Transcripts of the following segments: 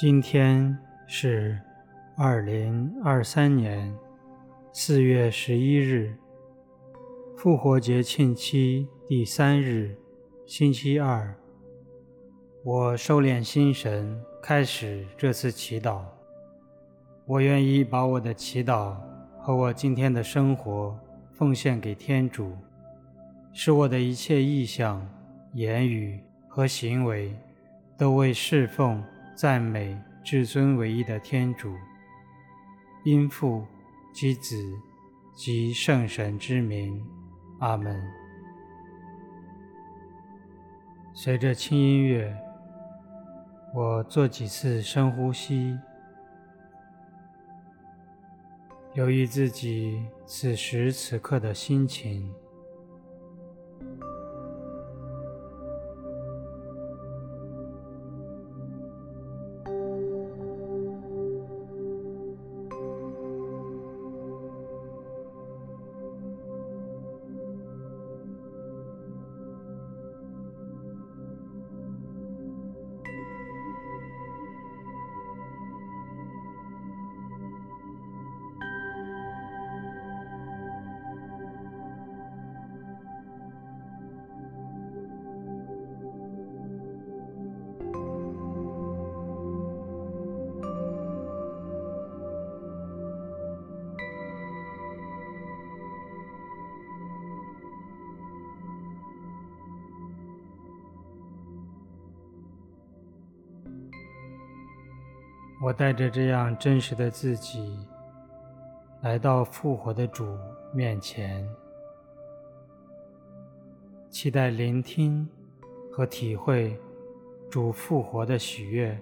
今天是二零二三年四月十一日，復活節慶期第三日，星期二。我收斂心神，開始這次祈禱。我願意把我的祈禱和我今天的生活奉獻給天主，使我的一切意向、言語和行為都為侍奉。讚美至尊唯一的天主，因父及子及聖神之名，阿門。隨着輕音樂，我做幾次深呼吸，留意自己此時此刻的心情。我帶着這樣真實的自己，來到復活的主面前，期待聆聽和體會主復活的喜悅。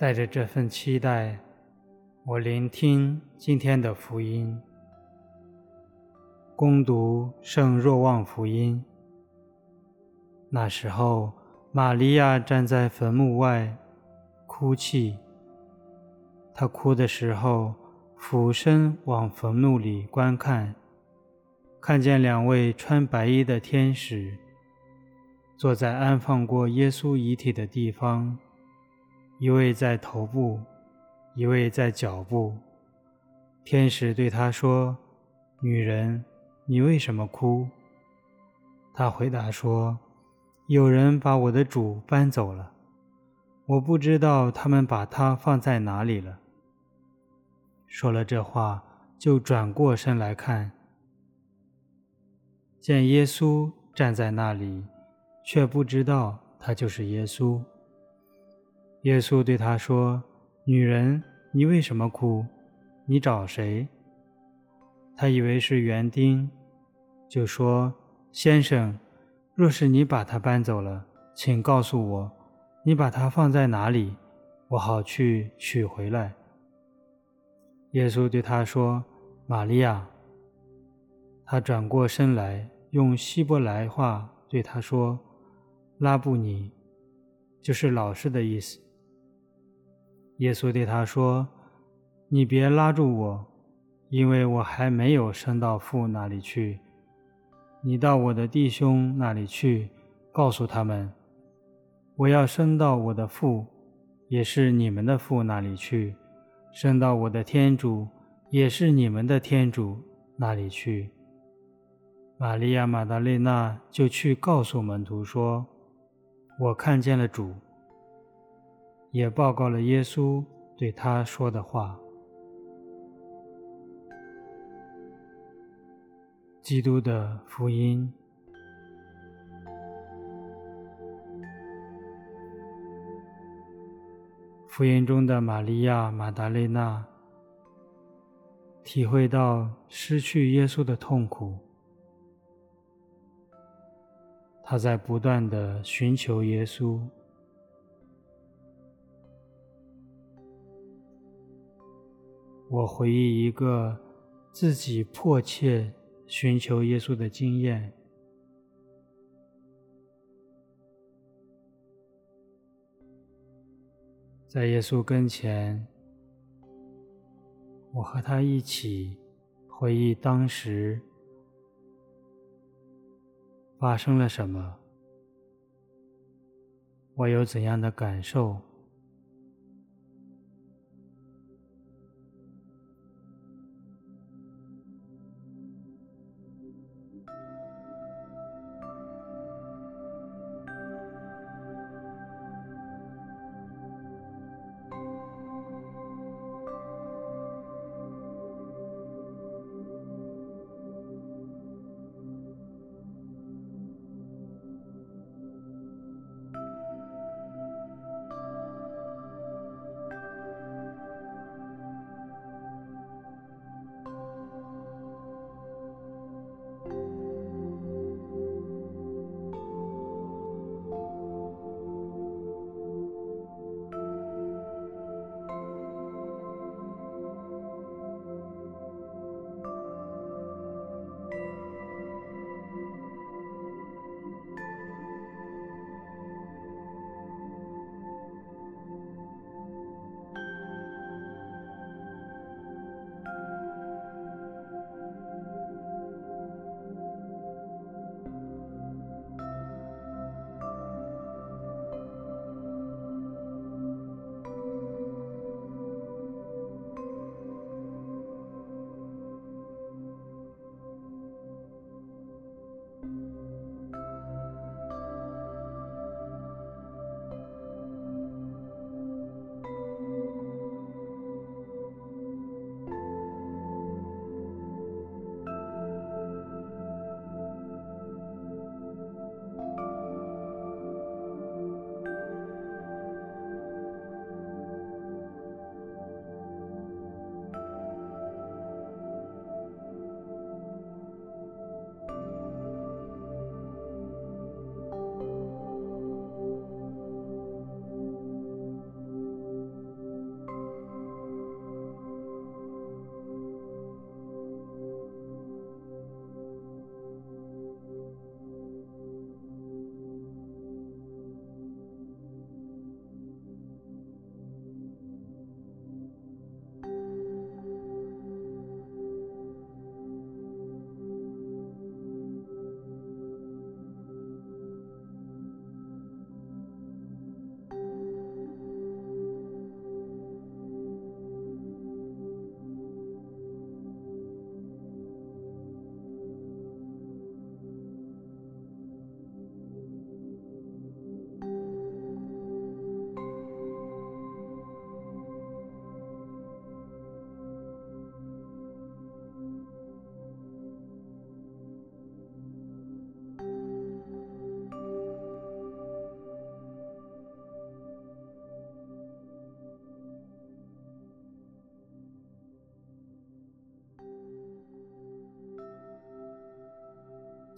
帶着這份期待，我聆聽今天的福音，恭讀聖若望福音。那時候，瑪利亞站在墳墓外哭泣。她哭的時候，俯身往墳墓裡觀看，看見兩位穿白衣的天使坐在安放過耶穌遺體的地方。一位在頭部，一位在腳部。天使對他說：“女人，你為什麼哭？”她回答說：“有人把我的主搬走了，我不知道他們把他放在哪裡了。”說了這話，就轉過身來看，見耶穌站在那裡，卻不知道他就是耶穌。耶穌對他說：“女人，你為什麼哭？你找誰？”他以為是園丁，就說：“先生，若是你把他搬走了，請告訴我，你把他放在哪裡，我好去取回來。”耶穌對他說：“瑪利亞。”他轉過身來，用希伯來話對他說：“拉布尼，就是老師的意思。”耶穌對他說：“你別拉住我，因為我還沒有升到父那裡去。你到我的弟兄那裡去，告訴他們，我要升到我的父，也是你們的父那裡去；升到我的天主，也是你們的天主那裡去。”瑪利亞瑪達肋納就去告訴門徒說：“我看見了主。”也報告了耶穌對他說的話。基督的福音，福音中的瑪利亞、瑪達肋納，體會到失去耶穌的痛苦。她在不斷地尋求耶穌。我回憶一個自己迫切尋求耶穌的經驗，在耶穌跟前，我和他一起回憶當時發生了什麼，我有怎樣的感受。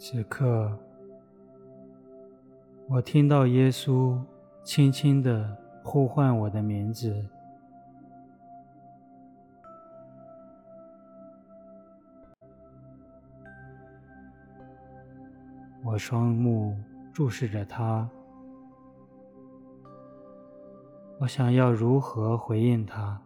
此刻，我聽到耶穌輕輕地呼喚我的名字。我雙目注視着他，我想要如何回應他？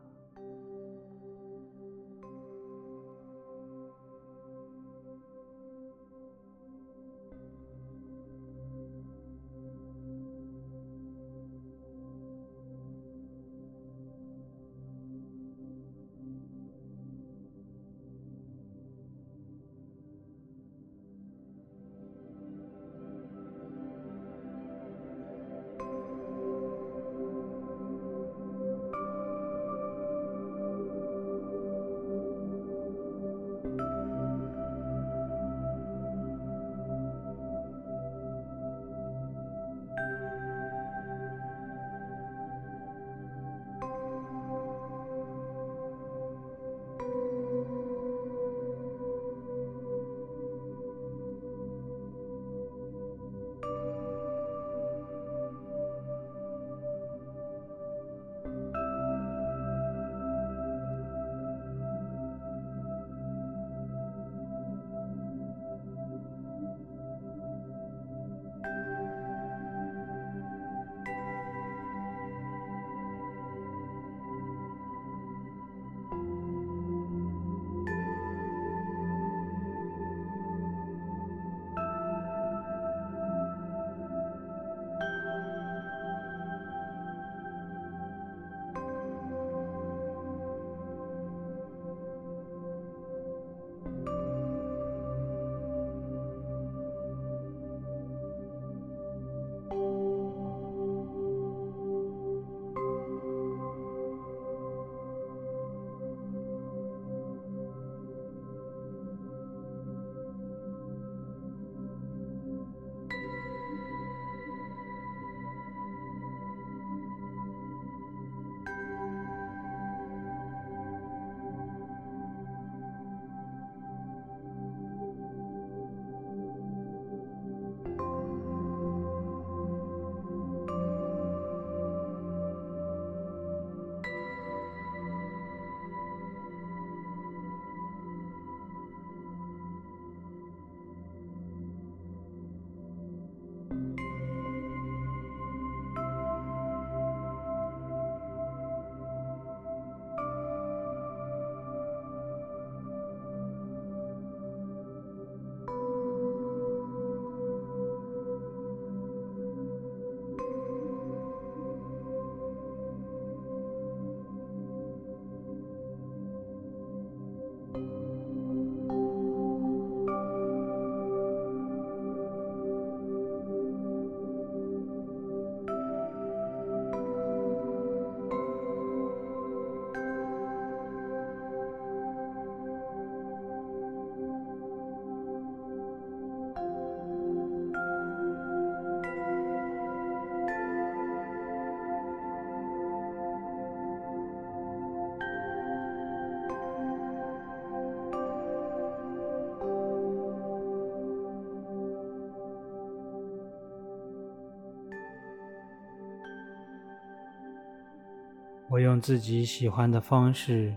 我用自己喜歡的方式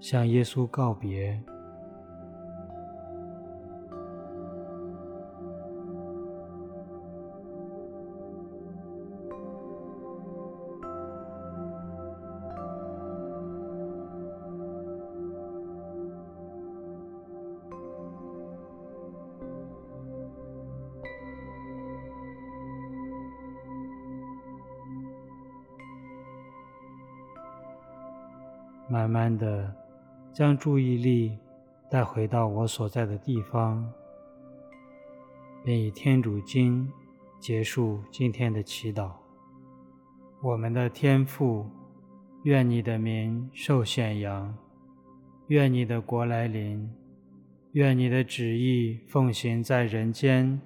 向耶穌告別。慢慢的，將注意力帶回到我所在的地方，便以天主經結束今天的祈禱。我們的天父，願你的名受顯揚，願你的國來臨，願你的旨意奉行在人間，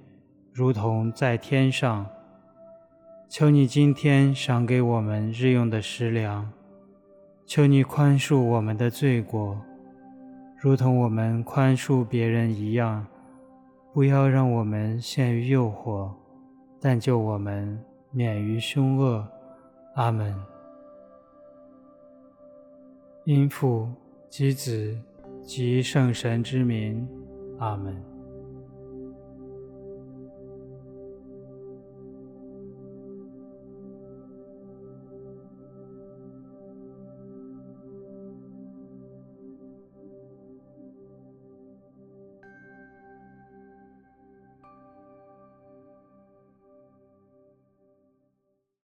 如同在天上。求你今天賞給我們日用的食糧。求你寬恕我們的罪過，如同我們寬恕別人一樣。不要讓我們陷於誘惑，但救我們免於凶惡。阿門。因父及子及聖神之名。阿門。